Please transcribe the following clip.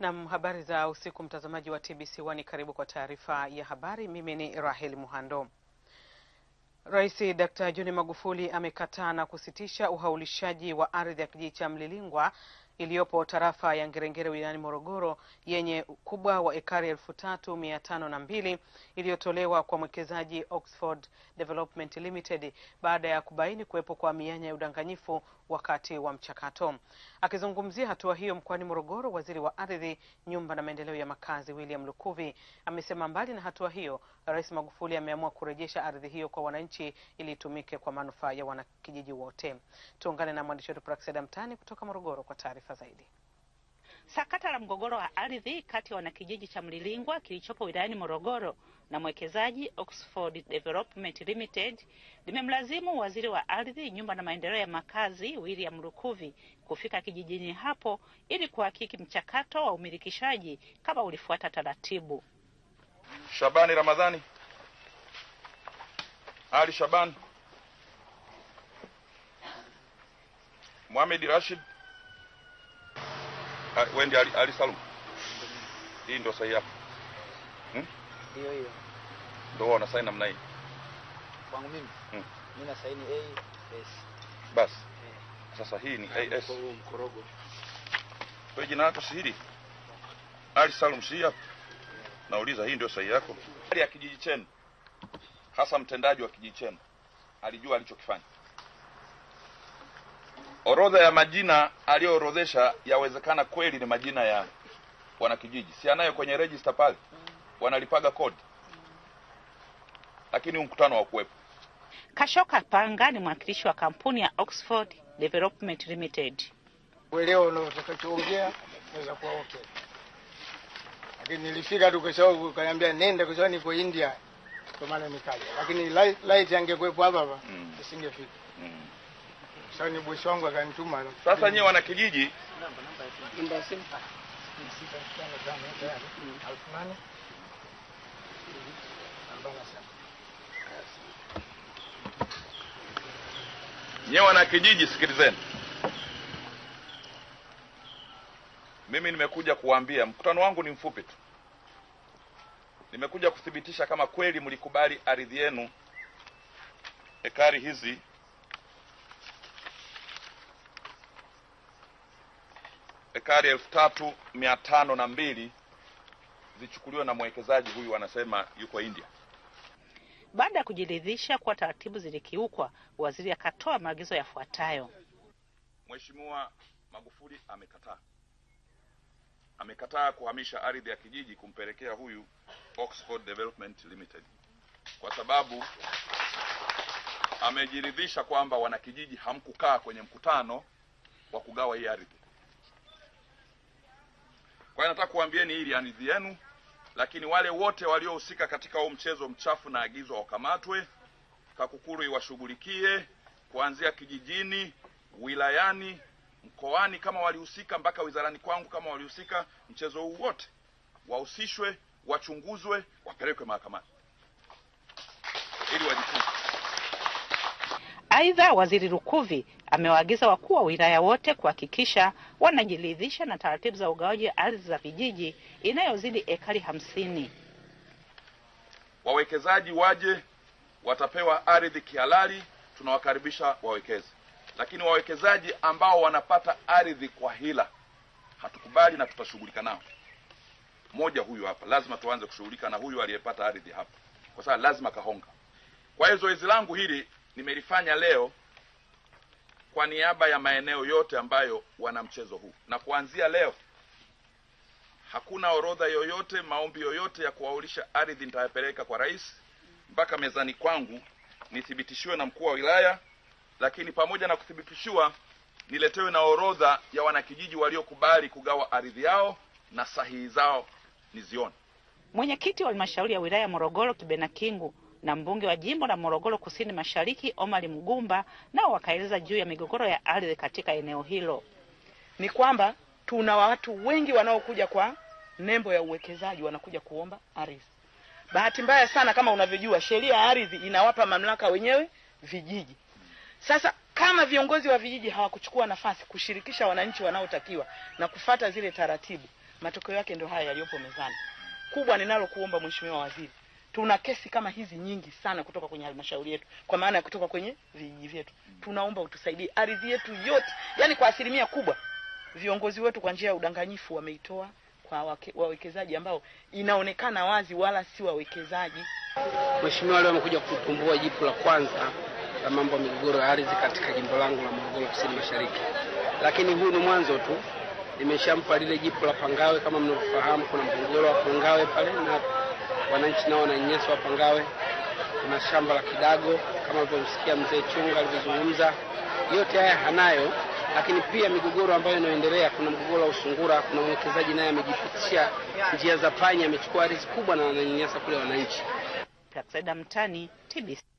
Nam, habari za usiku mtazamaji wa tbc ni karibu kwa taarifa ya habari. Mimi ni Rahel Muhando. Rais d John Magufuli amekataa na kusitisha uhaulishaji wa ardhi ya kijiji cha Mlilingwa iliyopo tarafa ya Ngerengere wilayani Morogoro yenye ukubwa wa ekari elfu tatu mia tano na mbili iliyotolewa kwa mwekezaji Oxford Development Limited baada ya kubaini kuwepo kwa mianya ya udanganyifu wakati wa mchakato. Akizungumzia hatua hiyo mkoani Morogoro, waziri wa ardhi, nyumba na maendeleo ya makazi William Lukuvi amesema mbali na hatua hiyo, Rais Magufuli ameamua kurejesha ardhi hiyo kwa wananchi ili itumike kwa manufaa ya wanakijiji wote. Tuungane na mwandishi wetu Praxeda Mtani kutoka Morogoro kwa taarifa taarifa zaidi. Sakata la mgogoro wa ardhi kati ya wanakijiji cha Mlilingwa kilichopo wilayani Morogoro na mwekezaji Oxford Development Limited limemlazimu waziri wa ardhi, nyumba na maendeleo ya makazi William Lukuvi kufika kijijini hapo ili kuhakiki mchakato wa umilikishaji kama ulifuata taratibu. Shabani Ramadhani Ali Shabani, Mohamed Rashid Ah, wewe ndiye Ali Salum? Hii ndio sahihi yako? Hmm? Ndio hiyo. Ndio wewe unasaini namna hii. Kwangu mimi. Hmm. Mimi A S. Bas. Yeah. Sasa hii ni A AS. Mkorogo. Wewe jina lako si hili? Ali Salum si hapa? Nauliza hii ndio sahihi yako? Ali ya kijiji chenu. Hasa mtendaji wa kijiji chenu alijua alichokifanya orodha ya majina aliyoorodhesha yawezekana kweli ni majina ya wanakijiji, si anayo kwenye register pale, wanalipaga kodi, lakini mkutano wa kuwepo. Kashoka Panga ni mwakilishi wa kampuni ya Oxford Development Limited. Leo unaotakachoongea naweza kuwa okay, lakini nilifika tu kwa sababu kaniambia nenda kwa sababu niko India, kwa maana nikaja, lakini light, light yangekuwepo hapa hapa mm. isingefika mm akanituma. Sasa nyewe wana kijiji nyewe wana kijiji, sikilizeni, mimi nimekuja kuwaambia, mkutano wangu ni mfupi tu. Nimekuja kuthibitisha kama kweli mlikubali ardhi yenu ekari hizi ekari elfu tatu mia tano na mbili zichukuliwe na mwekezaji huyu, anasema yuko India. Baada ya kujiridhisha kuwa taratibu zilikiukwa, waziri akatoa maagizo yafuatayo. Mheshimiwa Magufuli amekataa amekataa kuhamisha ardhi ya kijiji kumpelekea huyu Oxford Development Limited kwa sababu amejiridhisha kwamba wanakijiji hamkukaa kwenye mkutano wa kugawa hii ardhi. Kwa hiyo nataka kuambieni hili anidhi yenu, lakini wale wote waliohusika katika huu mchezo mchafu na agizwa wakamatwe, TAKUKURU iwashughulikie kuanzia kijijini, wilayani, mkoani kama walihusika, mpaka wizarani kwangu kama walihusika. Mchezo huu wote wahusishwe, wachunguzwe, wapelekwe mahakamani. Aidha, Waziri rukuvi amewaagiza wakuu wa wilaya wote kuhakikisha wanajiridhisha na taratibu za ugawaji ardhi za vijiji inayozidi ekari hamsini. Wawekezaji waje, watapewa ardhi kihalali, tunawakaribisha wawekeze, lakini wawekezaji ambao wanapata ardhi kwa hila hatukubali na tutashughulika nao. Mmoja huyu hapa, lazima tuanze kushughulika na huyu aliyepata ardhi hapa, kwa sababu lazima kahonga. Kwa hiyo zoezi langu hili nimelifanya leo kwa niaba ya maeneo yote ambayo wana mchezo huu, na kuanzia leo hakuna orodha yoyote, maombi yoyote ya kuwaulisha ardhi nitayapeleka kwa rais mpaka mezani kwangu nithibitishiwe na mkuu wa wilaya, lakini pamoja na kuthibitishiwa niletewe na orodha ya wanakijiji waliokubali kugawa ardhi yao na sahihi zao nizione. Mwenyekiti wa halmashauri ya wilaya Morogoro Kibena Kingu na mbunge wa jimbo la Morogoro Kusini Mashariki Omari Mgumba, nao wakaeleza juu ya migogoro ya ardhi katika eneo hilo. Ni kwamba tuna watu wengi wanaokuja kwa nembo ya uwekezaji, wanakuja kuomba ardhi. Bahati mbaya sana, kama unavyojua, sheria ya ardhi inawapa mamlaka wenyewe vijiji. Sasa kama viongozi wa vijiji hawakuchukua nafasi kushirikisha wananchi wanaotakiwa na kufata zile taratibu, matokeo yake ndio haya yaliyopo mezani. Kubwa ninalokuomba Mheshimiwa Waziri, Tuna kesi kama hizi nyingi sana kutoka kwenye halmashauri yetu, kwa maana ya kutoka kwenye vijiji vyetu. Tunaomba utusaidie ardhi yetu yote, yani kwa asilimia kubwa viongozi wetu kwa njia ya udanganyifu wameitoa kwa wawekezaji ambao inaonekana wazi wala si wawekezaji. Mheshimiwa, leo amekuja kutumbua jipu la kwanza la mambo ya migogoro ya ardhi katika jimbo langu la Morogoro Kusini Mashariki, lakini huu ni mwanzo tu. Nimeshampa lile jipu la Pangawe, kama mnavyofahamu kuna mgogoro wa Pangawe pale na wananchi nao wananyanyaswa hapa Ngawe. Kuna shamba la Kidago kama alivyomsikia mzee Chunga alivyozungumza, yote haya hanayo. Lakini pia migogoro ambayo inaendelea, kuna mgogoro wa Usungura, kuna mwekezaji naye amejipitisha njia za panya, amechukua risk kubwa na ananyanyasa kule wananchi. Saida Mtani, TBC.